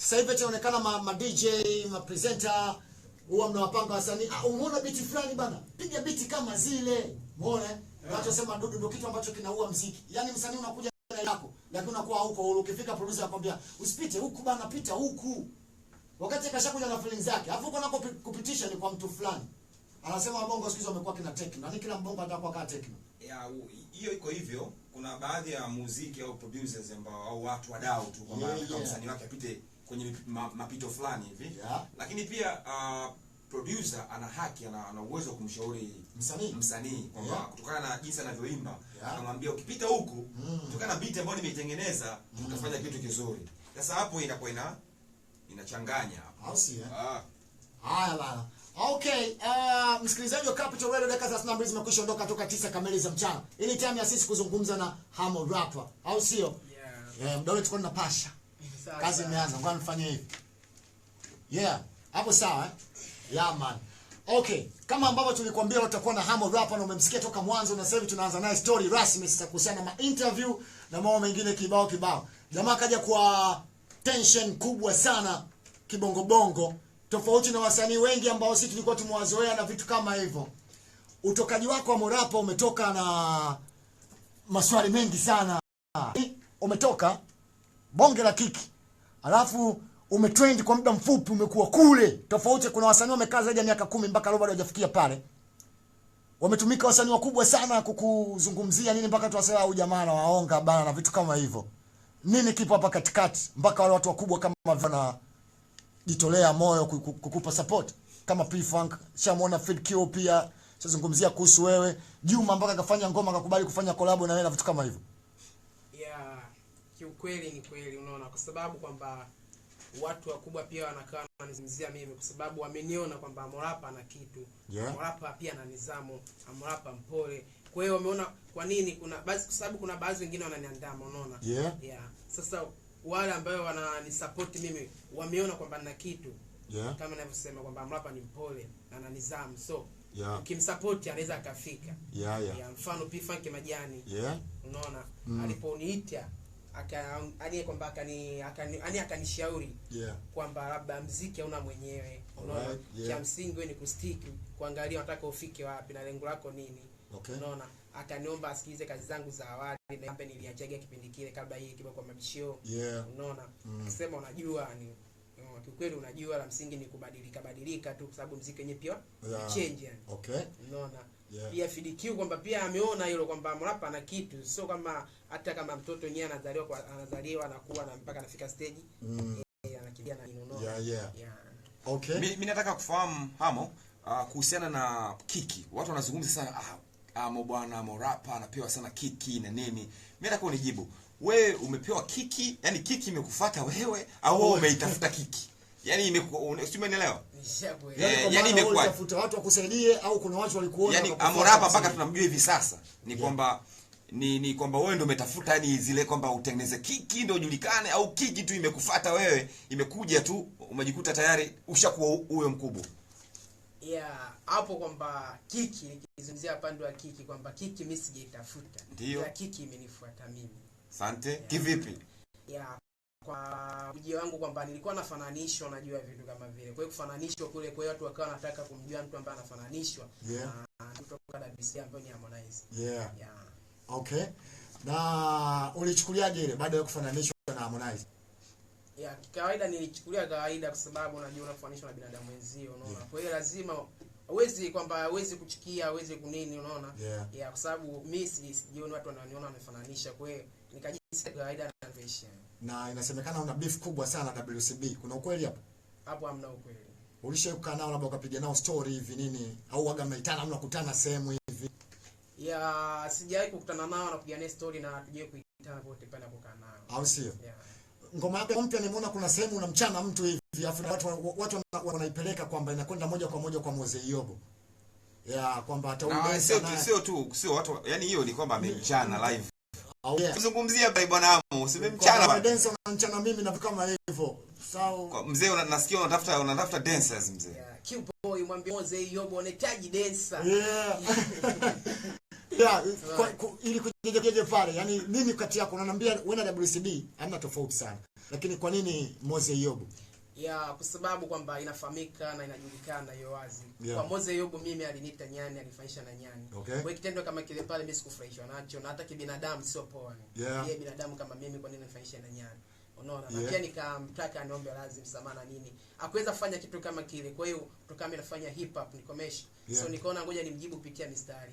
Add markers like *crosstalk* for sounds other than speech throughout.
Sasa hivi inaonekana ma, ma DJ ma presenter huwa mnawapanga wasanii, ah, umeona biti fulani bana, piga biti kama zile, umeona yeah. Watu wasema dudu ndio kitu ambacho kinaua mziki, yaani msanii unakuja na yako, lakini unakuwa huko huko. Ukifika producer akwambia usipite huku bana, pita huku, wakati kashakuja na feelings zake, alafu uko nako kupitisha ni kwa mtu fulani anasema Bongo siku hizo wamekuwa kina techno, yaani kila mbongo atakuwa kwa techno. Ya Hiyo iko hivyo. Kuna baadhi ya muziki au producers ambao au watu wadau tu, kwa maana yeah, yeah. msanii wake apite kwenye ma, mapito fulani hivi yeah. Lakini pia uh, producer ana haki ana, ana uwezo wa kumshauri msanii msanii kwamba yeah. kutokana na jinsi anavyoimba yeah. anamwambia ukipita huku mm. kutokana na beat ambayo nimeitengeneza mm. utafanya kitu kizuri. Sasa hapo inakuwa ina inachanganya hapo. Eh? Ah. Haya bana. Okay, uh, msikilizaji wa Capital Radio dakika 32 mbili zimekwisha ondoka toka tisa kamili za mchana. Ili time ya sisi kuzungumza na Hamo Rapper, au sio? Yeah. Eh, yeah, mdole tuko na pasha kazi imeanza, ngoja nifanye hivi. Yeah, hapo sawa eh? Yeah man. Okay, kama ambavyo tulikwambia utakuwa na Hamo Rapa na umemsikia toka mwanzo na sasa hivi tunaanza naye story rasmi sasa kuhusiana na interview na mambo mengine kibao kibao. Jamaa kaja kwa tension kubwa sana kibongo bongo tofauti na wasanii wengi ambao sisi tulikuwa tumewazoea na vitu kama hivyo. Utokaji wako wa Morapa umetoka na maswali mengi sana. Umetoka bonge la kiki alafu umetrend kwa muda mfupi, umekuwa kule tofauti. Kuna wasanii wamekaa zaidi ya miaka kumi mpaka leo bado hawajafikia pale. Wametumika wasanii wakubwa sana kukuzungumzia nini, mpaka tuwasema au jamaa na waonga bana na vitu kama hivyo. Nini kipo hapa katikati, mpaka wale watu wakubwa kama vana jitolea moyo kukupa support kama P Funk, shamona Fid Q pia, sazungumzia kuhusu wewe Juma, mpaka akafanya ngoma akakubali kufanya collab na wewe na vitu kama hivyo kweli ni kweli, unaona, kwa sababu kwamba watu wakubwa pia wanakaa wananizungumzia mimi kwa sababu wameniona kwamba Harmorapa ana kitu yeah. Harmorapa pia ana nizamu Harmorapa mpole. Kwa hiyo wameona kwa nini kuna basi, kwa sababu kuna baadhi wengine wananiandama, unaona yeah. yeah. Sasa wale ambao wananisupport mimi wameona kwamba nina kitu yeah. Kama ninavyosema kwamba Harmorapa ni mpole na ana nizamu so yeah. Ukimsupport anaweza akafika yeah, yeah. yeah. Mfano P Funk Majani yeah. Unaona mm. aliponiita akani kwamba akani akani akanishauri yeah. kwamba labda mziki hauna mwenyewe unaona right, yeah. cha msingi wewe ni kustiki kuangalia unataka ufike wapi na lengo lako nini okay. unaona akaniomba asikize kazi zangu za awali na niliachaga kipindi kile kabla hii kibwa kwa mabishio yeah. unaona mm. unajua ni Uh, kiukweli unajua la msingi ni kubadilika badilika tu kwa sababu mziki wenyewe pia yeah. change yani. Okay. Unaona? Yeah. Pia FDQ kwamba pia ameona hilo kwamba mrapa ana kitu sio kama hata kama mtoto yeye anazaliwa kwa anazaliwa anakuwa na mpaka anafika stage mm. E, anakimbia na nino. Yeah, yeah. Yeah. Okay. Mimi mi nataka kufahamu hamo uh, kuhusiana na kiki. Watu wanazungumza sana ah, ah bwana mo morapa anapewa sana kiki na nini. Mimi nataka unijibu wewe umepewa kiki, yani kiki imekufuata wewe au wewe oh. umeitafuta kiki? yani imekuwa sio umeelewa? Eh, imekuwa utafuta watu wakusaidie au kuna watu walikuona? yani amorapa mpaka tunamjua hivi sasa ni kwamba ni ni kwamba wewe ndio umetafuta yani zile kwamba utengeneze kiki ndio ujulikane au kiki tu imekufuata wewe, imekuja tu umejikuta tayari ushakuwa huyo mkubwa. Yeah, hapo kwamba kiki nikizungumzia pande wa kiki kwamba kiki mimi sijaitafuta. Ndio. Kiki imenifuata mimi sante Yeah. Kivipi? Yeah. Kwa ujio wangu kwamba nilikuwa nafananishwa najua vitu kama vile. Kwa hiyo kufananishwa kule, kwa hiyo watu wakawa wanataka kumjua mtu ambaye anafananishwa. Yeah. Na mtu kutoka DBC ambaye ni Harmonize. Yeah. Yeah. Okay. Na ulichukuliaje ile baada ya kufananishwa na Harmonize? Yeah, kawaida nilichukulia kawaida kwa sababu unajua unafananishwa na binadamu wenzio, unaona. Yeah. Kwa hiyo lazima huwezi kwamba huwezi kuchukia, huwezi kunini, unaona? Yeah. Yeah, kwa sababu mimi sijioni watu wanaoniona wamefananisha kwa hiyo na inasemekana una beef kubwa sana na WCB. Kuna ukweli hapo? Hapo hamna ukweli. Ulishakaa nao labda ukapiga nao story hivi nini, au waga mnaitana mnakutana sehemu hivi? Ya, sijawahi kukutana nao na kupiga naye story na tujue kuitana wote pale kukaa nao, au sio? Yeah. Ngoma yako mpya nimeona kuna sehemu unamchana mtu hivi, afu watu watu wanaipeleka kwamba inakwenda moja kwa moja kwa Mzee Yobo. ya kwamba hata sio sio tu, sio watu, yani hiyo ni kwamba amemchana live Kuzungumzia bai bwana Amu, mchana. bwana. Dance mchana mimi na kama hivyo. Sawa. Mzee unasikia unatafuta unatafuta dancers mzee. Yeah. Q boy mwambie Moze yobo unahitaji dancer. Yeah. *laughs* yeah, kwa, ku, ili kujejeje pale. Yaani nini kati yako unaniambia wewe na WCB hamna tofauti sana. Lakini kwa nini Moze Yobo? ya kwa sababu kwamba inafahamika na inajulikana hiyo wazi yeah. Kwa Moze Yobu mimi alinita nyani, alifanyisha na nyani okay. Kwa kitendo kama kile pale mimi sikufurahishwa nacho, na hata kibinadamu sio poa yeah. Yeye binadamu kama mimi, kwa nini anifanyisha na nyani? unaona yeah. na pia nikamtaka aniombe lazima msamaha nini akuweza kufanya kitu kama kile kwa hiyo tukame nafanya hip hop nikomesha yeah. so nikaona ngoja nimjibu kupitia mistari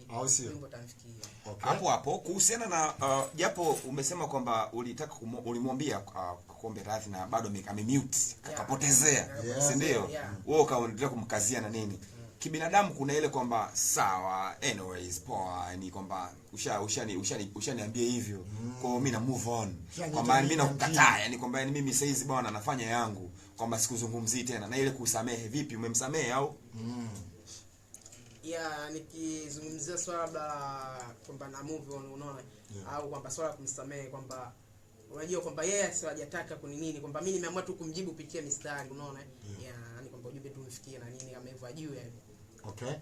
wimbo tamfikia okay. hapo hapo kuhusiana na uh, japo umesema kwamba ulitaka ulimwambia uh, kuombe radhi na bado amemute kakapotezea si ndio wewe ukaendelea kumkazia na nini kibinadamu kuna ile kwamba sawa anyways poa ni kwamba usha ushani ushani ushaniambia hivyo mm. kwa mimi na move on kwa maana mimi nakukataa yani kwamba yani mimi saizi bwana nafanya yangu kwamba sikuzungumzii tena na ile kusamehe vipi umemsamehe au mm. ya nikizungumzia swala la kwamba na move on unaona yeah. au kwamba swala kumsamehe kwamba unajua kwamba yeye yeah, siwajataka kuninini kwamba mimi nimeamua tu kumjibu pitia mistari unaona yeah. yeah, yani kwamba ujumbe tu mfikie na nini kama hivyo ajue yani Okay?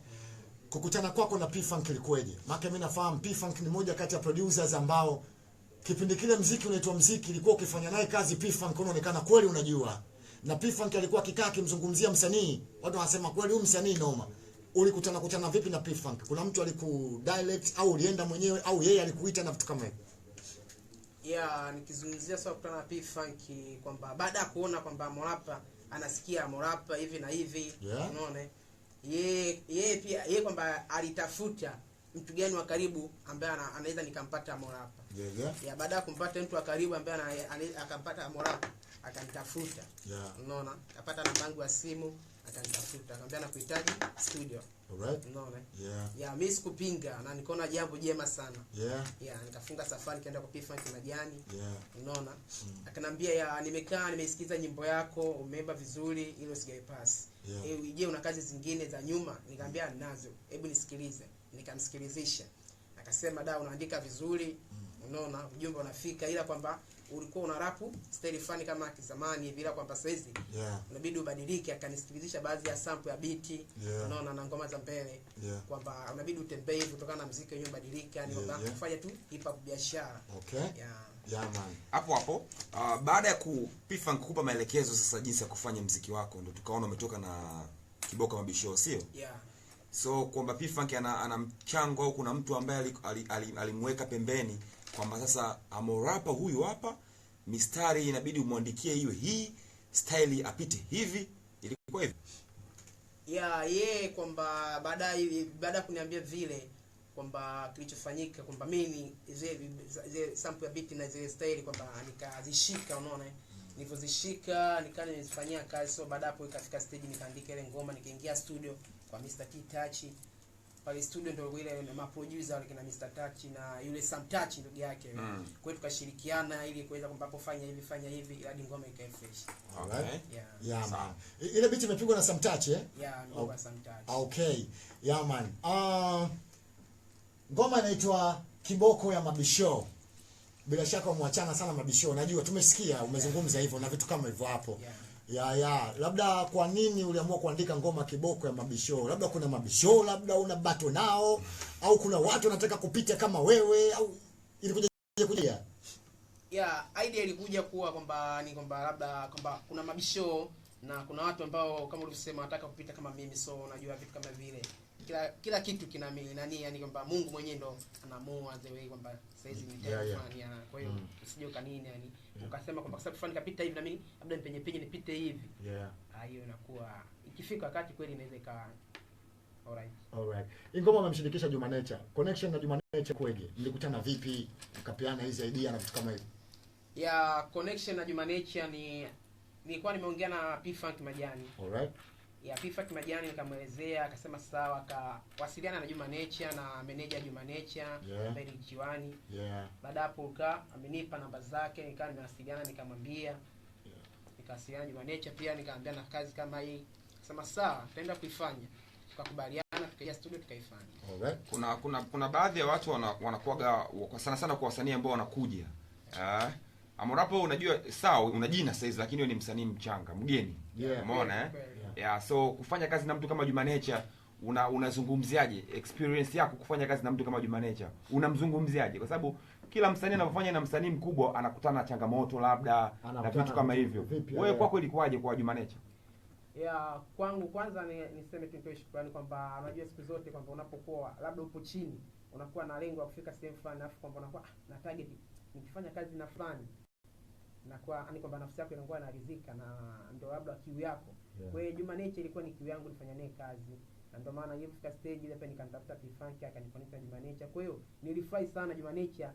Kukutana kwako na P-Funk ilikuwaje? Maana mimi nafahamu P-Funk ni moja kati ya producers ambao kipindi kile mziki unaitwa mziki, ilikuwa ukifanya naye kazi P-Funk unaonekana kweli unajua. Na P-Funk alikuwa akikaa akimzungumzia msanii, watu wanasema kweli huyu msanii noma. Ulikutana kutana vipi na P-Funk? Kuna mtu alikudirect au ulienda mwenyewe au yeye alikuita na vitu kama hivyo? Yeah, nikizungumzia swala kutana na P-Funk kwamba baada ya kuona kwamba Morapa anasikia Morapa hivi na hivi, yeah. unaona yeye ye pia yeye kwamba alitafuta mtu gani wa karibu ambaye anaweza nikampata Morapa. Yeah, yeah. Baada ya kumpata mtu wa karibu ambaye akampata Morapa akanitafuta. Yeah. Unaona? Kapata namba yangu ya simu atanitafuta akamwambia nakuhitaji studio Alright. Unaona? Yeah. Yeah, mimi sikupinga na nikaona jambo jema sana. Yeah. Yeah, nikafunga safari kaenda kwa Pifan Kimajani. Yeah. Unaona? Mm. Akanambia ya nimekaa nimesikiza nyimbo yako, umeimba vizuri, ile hilo pass Yeah. Eh, je, una kazi zingine za nyuma? Nikamwambia mm. nazo. Hebu nisikilize. Nikamsikilizisha. Akasema da unaandika vizuri. Mm. Unaona? Ujumbe unafika ila kwamba ulikuwa una rap style fulani kama kizamani bila kwamba sasa hizi yeah. unabidi ubadilike. Akanisikilizisha baadhi ya sample ya beat yeah. unaona na ngoma za mbele yeah. kwamba unabidi utembee kutokana na muziki wenyewe ubadilike, yani yeah, yeah. kufanya tu hip hop biashara okay. yeah. Yeah, man. Hapo hapo uh, baada ya kupifa nikukupa maelekezo sasa jinsi ya kufanya mziki wako, ndio tukaona umetoka na kiboko mabisho, sio? Yeah so kwamba pifank ana, ana mchango au kuna mtu ambaye alimweka ali, ali, ali pembeni kwamba sasa amorapa huyu hapa, mistari inabidi umwandikie iwe hii style apite hivi, ilikuwa hivi ya yeye kwamba baada baada ya kuniambia vile kwamba kilichofanyika kwamba mimi zile sample ya beat na zile style kwamba nikazishika, unaona nilivyozishika nikaa nimezifanyia kazi. So baada hapo ikafika stage nikaandika ile ngoma, nikaingia studio kwa Mr. kitachi pale studio ndio ile maproducer wale kina Mr Touch na yule Sam Touch ndugu yake mm. kwa hiyo tukashirikiana ili kuweza kwamba hapo fanya hivi fanya hivi hadi ngoma ikae fresh okay. yeah. yeah, man ile beat imepigwa na Sam Touch eh yeah ngoma oh. Sam Touch ah, okay yeah man uh, ngoma inaitwa kiboko ya mabisho bila shaka umwachana sana mabisho najua tumesikia umezungumza hivyo na vitu kama hivyo hapo yeah ya ya labda, kwa nini uliamua kuandika ngoma kiboko ya mabisho? Labda kuna mabisho, labda una bato nao, au kuna watu wanataka kupita kama wewe, au ilikuja kuja yeah, idea ilikuja kuwa kwamba ni kwamba labda kwamba kuna mabisho na kuna watu ambao kama ulivyosema wanataka kupita kama mimi, so unajua vitu kama vile kila kila kitu kina nani, yani kwamba Mungu mwenyewe ndo anaamua the way kwamba sasa hizi ni yeah, yeah. fulani ya kwa hiyo mm. usije ukanini yani yeah. ukasema kwamba sababu fulani kapita hivi na mimi labda nipenye penye nipite hivi yeah ah, hiyo inakuwa ikifika wakati kweli inaweza ikawa alright alright ingoma amemshirikisha Juma Nature connection na Juma Nature kweje mlikutana vipi mkapeana hizi idea na vitu kama hivi ya yeah, connection na Juma Nature ni nilikuwa nimeongea na P Funk Majani alright ya FIFA Kimajani, nikamwelezea akasema sawa, akawasiliana na Juma Nature na meneja Juma Nature ambaye ni Jiwani. Yeah. Baada hapo ka amenipa namba zake, nikaa nimewasiliana, nikamwambia yeah. Nikawasiliana Juma Nature pia nikamwambia na kazi kama hii, akasema sawa, tenda kuifanya, tukakubaliana tukaja studio tukaifanya. Okay. Kuna kuna kuna baadhi ya watu wanakuaga wana, sana sana kwa wasanii ambao wanakuja eh ah, Amorapo, unajua sawa, una jina saizi, lakini wewe ni msanii mchanga mgeni, Yeah. umeona eh? yeah. eh yeah, so kufanya kazi na mtu kama Juma Nature una unazungumziaje experience yako kufanya kazi na mtu kama Juma Nature unamzungumziaje? Kwa sababu kila msanii anapofanya na msanii mkubwa anakutana na changamoto labda na vitu kama hivyo. Wewe kwako ilikuwaje kwa Juma Nature? ya kwangu kwanza ni niseme tu nitoe shukrani kwamba unajua siku zote kwamba unapokuwa labda upo chini unakuwa na lengo la kufika sehemu fulani, alafu kwamba unakuwa ah, na target nikifanya kazi na fulani na kwa yani kwamba nafsi yako inakuwa inaridhika na ndio labda kiu yako. Yeah. Kwa hiyo Juma Nature ilikuwa ni kiu yangu nifanya naye kazi. Na ndio maana ilipofika stage hapa nikamtafuta Pifanki akanikonekta Juma Nature. Kwa hiyo nilifurahi sana Juma Nature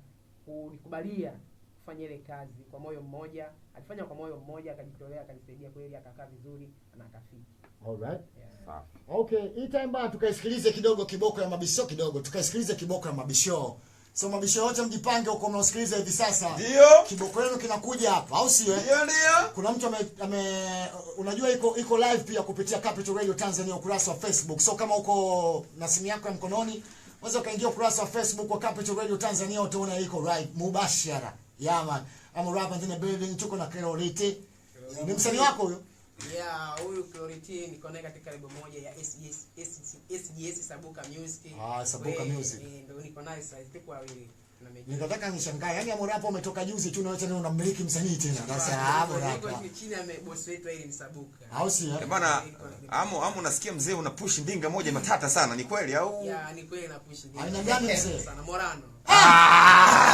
kunikubalia kufanya ile kazi kwa moyo mmoja. Alifanya kwa moyo mmoja, akajitolea, akanisaidia kweli, akakaa vizuri na akafika. All right. Yeah. Okay, hii time bana tukaisikilize kidogo kiboko ya mabisho kidogo. Tukaisikilize kiboko ya mabisho. So mabisho yote mjipange huko mnaosikiliza hivi sasa. Ndio. Kiboko yenu kinakuja hapa au sio? Eh? Ndio ndio. Kuna mtu ame, ame unajua iko iko live pia kupitia Capital Radio Tanzania ukurasa wa Facebook. So kama uko na simu yako ya mkononi, unaweza ukaingia ukurasa wa Facebook wa Capital Radio Tanzania utaona iko live mubashara. Yaman. amurapa I'm building tuko na Kerolite. Ni msanii wako huyo? yeah, huyu Clarity niko naye katika lebo moja ya SGS SGS Sabuka Music. Ah, Sabuka Music. Eh, ndio niko naye sasa tuko wawili. Nikataka nishangae. Yaani amore hapo umetoka juzi tu na wewe unamiliki msanii tena. Sasa hapo hapo. Niko chini ame boss wetu ili msabuka. Au si hapo. Eh? Eh, bwana amo amo unasikia mzee una push ndinga moja matata sana. Ni kweli au? Yeah, ni kweli na push ndinga. Ana gani mzee? Sana Morano. Ah!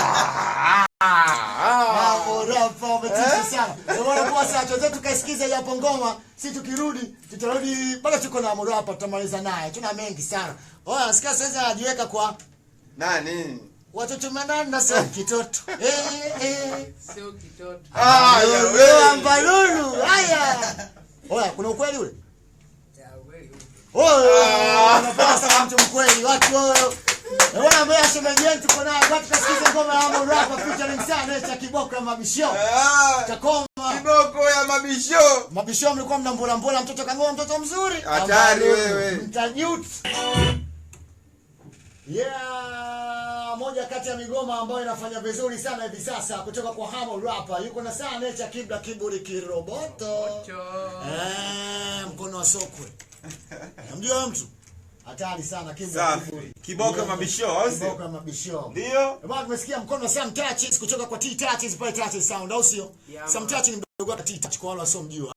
Sikiza hapo ngoma, si tukirudi tutarudi, bado tuko na Moro hapa, tutamaliza naye, tuna mengi sana. oh sikia sasa, ajiweka kwa nani? Watoto manani na sio kitoto. *laughs* Eh, eh eh. Sio kitoto. Ah, ah wewe ambalulu Haya. Oya, oh, kuna ukweli ule? Ya ukweli. Oh, ah. mtu mkweli. Watu wao. tuko naye. Watu kasikize ngoma ya hapa featuring sana eh, cha kiboko mabishio. Ah. Cha Kiboko ya mabisho. Mabisho mlikuwa mnambola mbola mtoto kangoa mtoto mzuri. Hatari wewe. Mtajuti. Yeah, moja kati ya migoma ambayo inafanya vizuri sana hivi sasa kutoka kwa Hamo Rapa. Yuko na sana Nature Kibla Kiburi Kiroboto. Eh, mkono wa sokwe. Namjua mtu? Hatari sana Kiboko mabisho au sio? Kiboko mabisho. Ndio. Bwana tumesikia mkono wa Sam Touch kutoka kwa T Touch pale Touch Sound au sio? Sam Touch ni mdogo wa T Touch kwa wale wasio mjua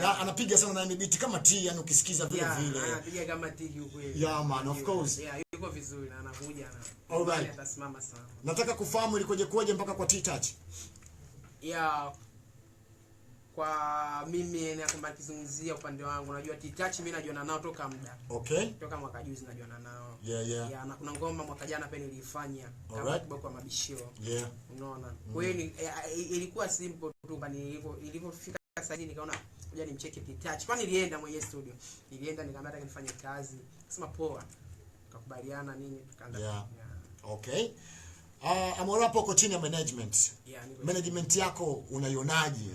Na anapiga sana na beat kama T yani ukisikiza vile vile. Anapiga kama T kiukweli. Yeah man, of course. Yeah, yuko vizuri na anakuja na. Alright. Atasimama sana. Nataka kufahamu ilikoje koje mpaka kwa T Touch. Yeah kwa mimi na kwamba nikizungumzia upande wangu unajua Titachi mimi najiona nao toka muda. Okay. Toka mwaka juzi najiona nao. Yeah, yeah. Yeah, na kuna ngoma mwaka jana pia nilifanya kama kiboko wa mabishio. Yeah. Unaona. Mm. Kwa hiyo eh, eh, ilikuwa simple tu bali ilivyo ilivyofika sasa hivi nikaona ngoja nimcheke Titachi. Kwani nilienda mwenye studio. Nilienda nikamwambia nataka nifanye kazi. Akasema poa. Tukakubaliana nini tukaanza. Yeah. yeah. Okay. Uh, ah, Amorapo uko chini ya management. Yeah, management yako unaionaje?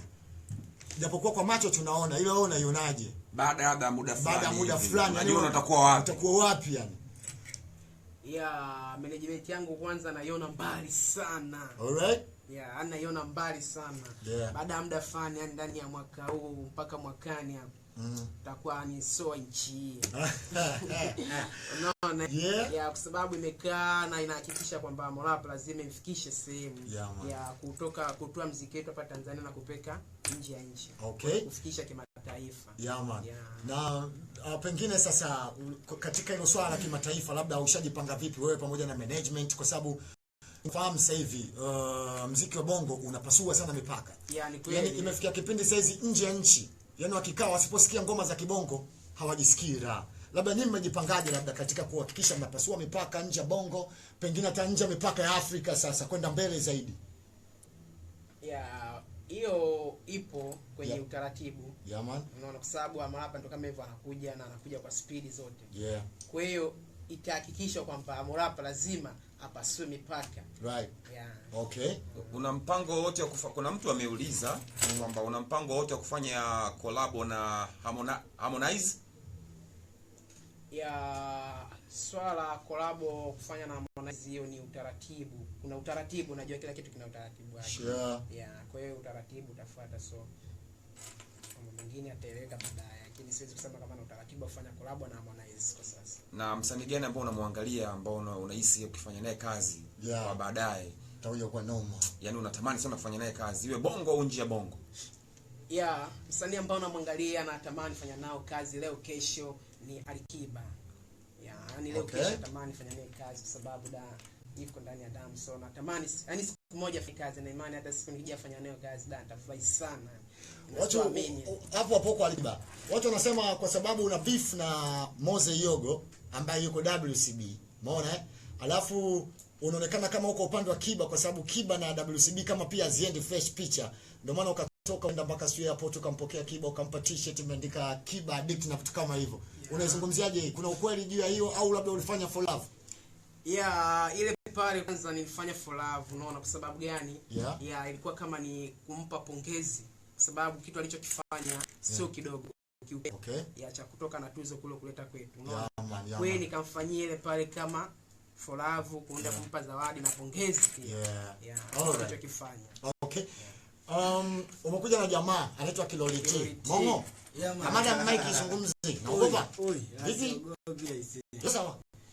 japokuwa kwa macho tunaona, ile wewe unaionaje? Baada ya muda fulani, baada ya muda fulani, yani wewe unatakuwa wapi? Utakuwa wapi yani? Ya management yangu kwanza naiona mbali sana. Alright. Ya, anaiona mbali sana. Yeah. Baada ya muda fulani, yani ndani ya mwaka huu mpaka mwakani hapo mm. takuwa ni soa nchi no, unaona yeah. ya kwa sababu imekaa na inahakikisha kwamba Monarap lazima imfikishe sehemu yeah, ya kutoka kutoa mziki wetu hapa Tanzania na kupeka nje ya nchi okay. kufikisha kimataifa yeah, man. Yeah. na uh, pengine sasa katika hilo swala la kimataifa labda ushajipanga vipi wewe pamoja na management kwa sababu fahamu sasa hivi uh, mziki wa bongo unapasua sana mipaka. yani, yani imefikia kipindi saizi nje ya nchi yani wakikaa wasiposikia ngoma za kibongo hawajisikii raha. Labda nyinyi mmejipangaje labda katika kuhakikisha mnapasua mipaka nje Bongo, pengine hata nje mipaka ya Afrika sasa kwenda mbele zaidi? Yeah, hiyo ipo kwenye yeah. utaratibu. Yeah, man. Unaona kwa sababu ama hapa ndo kama hivyo anakuja na anakuja kwa spidi zote. Yeah. Kwa hiyo itahakikishwa kwamba Amorapa lazima hapasue mipaka right. yeah. okay. Una mpango wote wa kufa, kuna mtu ameuliza kwamba una mpango wote wa kufanya kolabo na Harmonize? ya swala kolabo kufanya na Harmonize, hiyo ni utaratibu. Kuna utaratibu, unajua kila kitu kina utaratibu wake sure. yeah. kwa hiyo utaratibu utafuata, so mambo mengine yataeleweka baadaye lakini siwezi kusema kama na utaratibu wa kufanya collab na Harmonize kwa sasa. Na msanii gani ambao unamwangalia ambao unahisi ukifanya naye kazi yeah, kwa baadaye utakuja kwa noma, yaani unatamani sana kufanya naye kazi iwe bongo au nje ya bongo? Yeah, msanii ambao namwangalia natamani fanya nao kazi leo kesho ni Alikiba. Yeah, yani leo okay, kesho natamani fanya naye kazi kwa sababu da iko ndani ya damu, so natamani yani siku moja fanya kazi na imani, hata siku nikija fanya naye kazi da nitafurahi sana. Watu hapo hapo kwa Aliba. Watu wanasema kwa sababu una beef na Moze Yogo ambaye yuko WCB. Umeona eh? Alafu unaonekana kama uko upande wa Kiba kwa sababu Kiba na WCB kama pia ziende fresh picha. Ndio maana ukatoka unda mpaka sio hapo tu kampokea Kiba ukampa t-shirt imeandika Kiba addict na vitu kama hivyo. Yeah. Unaizungumziaje? Kuna ukweli juu ya hiyo au labda ulifanya for love? Yeah, ile pale kwanza nilifanya for love, unaona kwa sababu gani? Yeah. Yeah, ilikuwa kama ni kumpa pongezi sababu kitu alichokifanya sio kidogo kiupe okay. ya cha kutoka na tuzo kule kuleta kwetu unaona yeah, wewe nikamfanyia ile pale kama folavu kuenda yeah. kumpa zawadi na pongezi pia yeah. yeah. alichokifanya right. okay yeah. um umekuja na jamaa anaitwa Kiloliti Mongo yeah, kama mike zungumzi. naogopa hivi sasa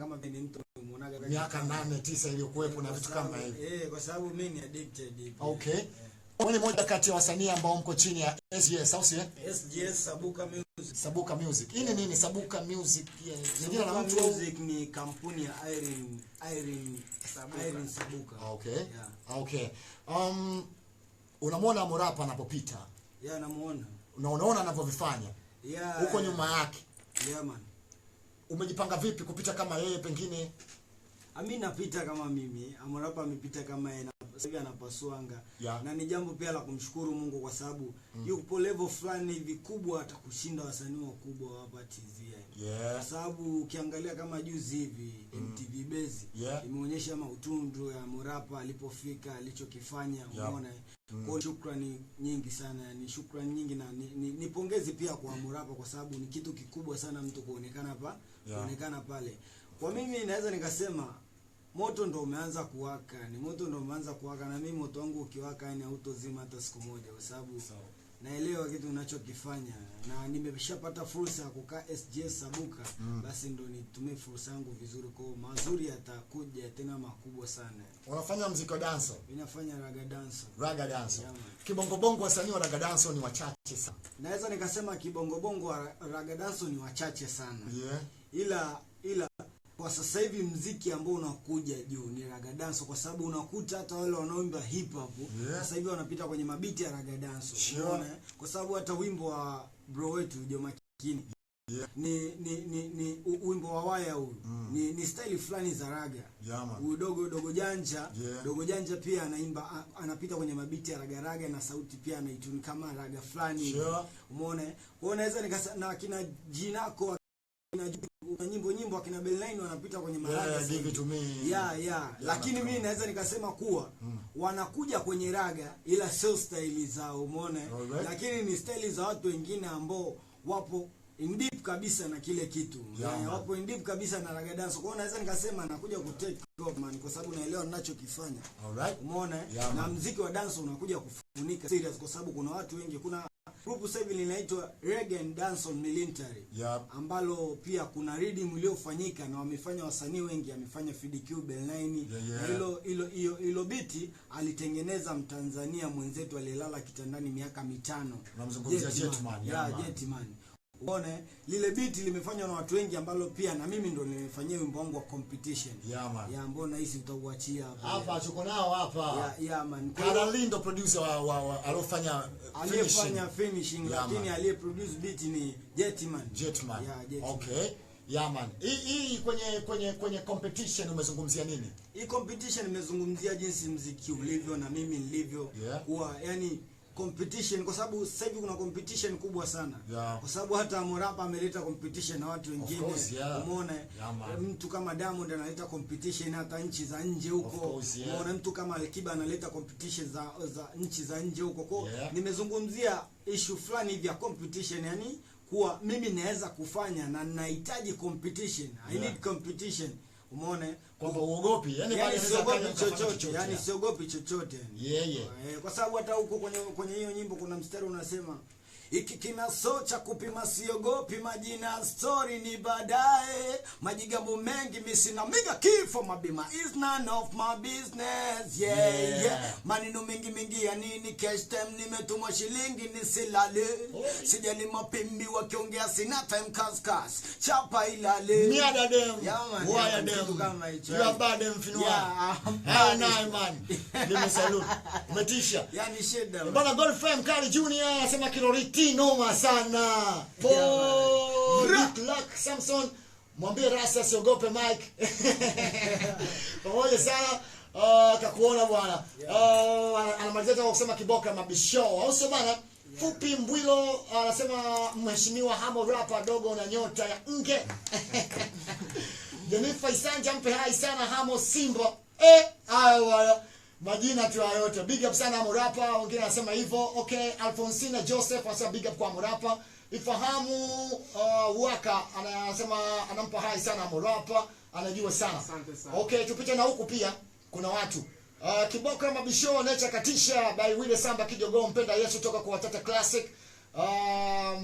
kama vile mtu unaonaga miaka 8 9 iliyokuwepo na vitu kama hivyo eh, kwa sababu mimi ni addicted hivyo. Okay, eh. wewe ni moja kati ya wasanii ambao mko chini ya SGS au sio? Eh? SGS Sabuka Music. Sabuka Music hii ni nini? Sabuka Music jina la mtu Music ni kampuni ya Irene Irene Sabuka. Irene Sabuka. Okay, yeah. Okay, um unamwona Harmorapa anapopita? Yeah, namuona. Na unaona anavyovifanya? Yeah. Huko nyuma yake. Yeah man umejipanga vipi kupita kama yeye pengine? Ami napita kama mimi, Harmorapa amepita kama yeye hivi anapasuanga yeah. Na ni jambo pia la kumshukuru Mungu kwa sababu mm. Yupo level fulani hivi kubwa atakushinda wasanii wakubwa hapa tv yeah. sababu ukiangalia kama juzi hivi mm. MTV Base yeah. imeonyesha mautundu ya Morapa alipofika alichokifanya yeah. umeona mm. kwa shukrani nyingi sana ni shukrani nyingi na ni, ni, ni pia kwa mm. Morapa kwa sababu ni kitu kikubwa sana mtu kuonekana pa yeah. kuonekana pale kwa mimi naweza nikasema moto ndo umeanza kuwaka ni moto ndo umeanza kuwaka na mimi moto wangu ukiwaka yani autozima hata siku moja kwa sababu so naelewa kitu unachokifanya na nimeshapata fursa ya kukaa sgs Sabuka mm. Basi ndo nitumie fursa yangu vizuri, kwao mazuri yatakuja tena makubwa sana. Unafanya mziki wa danso? Ninafanya raga danso. Raga danso. Yeah, kibongo bongo wasanii wa raga danso ni wachache sana, naweza nikasema kibongo bongo wa raga danso ni wachache sana yeah. ila kwa sasa hivi mziki ambao unakuja juu ni raga dance, kwa sababu unakuta hata wale wanaoimba hip hop yeah. Sasa hivi wanapita kwenye mabiti ya raga dance sure. Kwa sababu hata wimbo wa bro wetu Joma Kini yeah. ni ni ni, ni wimbo wa waya huu mm. ni, ni style fulani za raga yeah, udogo dogo janja yeah. dogo janja pia anaimba anapita kwenye mabiti ya raga raga na sauti pia anaituni kama raga fulani sure. Umeona, eh? kwa unaweza nikasa na kina jinako kina nyimbo nyimbo akina Beeline wanapita kwenye maraga yeah, yeah, Yeah, yeah. Yeah, lakini mimi naweza nikasema kuwa mm. wanakuja kwenye raga ila sio style zao, umeona right. lakini ni style za watu wengine ambao wapo in deep kabisa na kile kitu yeah, yeah, wapo in deep kabisa na raga dance. kwao naweza nikasema nakuja ku take off man, kwa sababu naelewa ninachokifanya, alright, umeona yeah, na mziki wa dance unakuja kufunika serious, kwa sababu kuna watu wengi, kuna grupu sasa linaitwa Reggae and Dancehall Military yep. ambalo pia kuna reading iliyofanyika na wamefanya wasanii wengi, amefanya FDQ Belnaini yeah, yeah. hilo hilo hiyo hilo biti alitengeneza Mtanzania mwenzetu aliyelala kitandani miaka mitano, tunamzungumzia Jetman, Jetman. Uone lile biti limefanywa na watu wengi ambalo pia na mimi ndo nimefanyia wimbo wangu wa competition. Yeah man. Yeah, mbona nahisi utauachia hapa. Hapa chuko nao hapa. Yeah, yeah man. Karali ndo producer wa, wa, wa alofanya aliyefanya finishing yeah, lakini aliyeproduce beat ni Jetman. Jetman. Yeah, Jetman. Okay. Yeah man. Hii hii kwenye kwenye kwenye competition umezungumzia nini? Hii competition nimezungumzia jinsi mziki ulivyo na mimi nilivyo. Yeah. Kuwa yani competition kwa sababu sasa hivi kuna competition kubwa sana yeah. Kwa sababu hata Morapa ameleta competition na watu wengine yeah. Umeona yeah, mtu kama Diamond analeta competition hata nchi za nje huko yeah. Umeona mtu kama Alikiba analeta competition za, za nchi za nje huko kwa yeah. Nimezungumzia issue fulani hivi ya competition yani kuwa mimi naweza kufanya na ninahitaji competition I yeah. need competition Umeona kwamba uogopi, yani yani siogopi chochote, yani siogopi chochote yeye, eh, kwa sababu hata huko kwenye kwenye hiyo nyimbo kuna mstari unasema iki kinasocha kupima, siogopi majina, story ni baadaye, majigambo mengi misina miga kifo mabima is none of my business yeah, yeah. yeah. maneno mengi mengi ya nini? Cash time nimetumwa shilingi nisilale, oh. sijali mapimbi wakiongea, sina time kaskas chapa ilale miada dem dem yeah. *laughs* kinoma sana yeah, luck Samson mwambie rasa siogope Mike *laughs* pamoja sana uh, kakuona bwana yeah. uh, anamalizia kusema kiboka mabisho au sio bana Fupi Mbwilo ah, anasema mheshimiwa Hamo rapa dogo na nyota ya nge. *laughs* Jennifer Isanja mpe hai sana Hamo Simba. Eh, ayo Majina tu hayo yote. Big up sana Murapa, wengine nasema hivyo. Okay, Alfonsina Joseph wasa big up kwa Murapa. Ifahamu uh, Waka anasema anampa hai sana Murapa, anajua sana. Okay, tupite na huku pia kuna watu. Uh, Kiboko kama Mabisho Nature Katisha by Wile Samba Kijogoo mpenda Yesu toka kwa Tata Classic. Uh,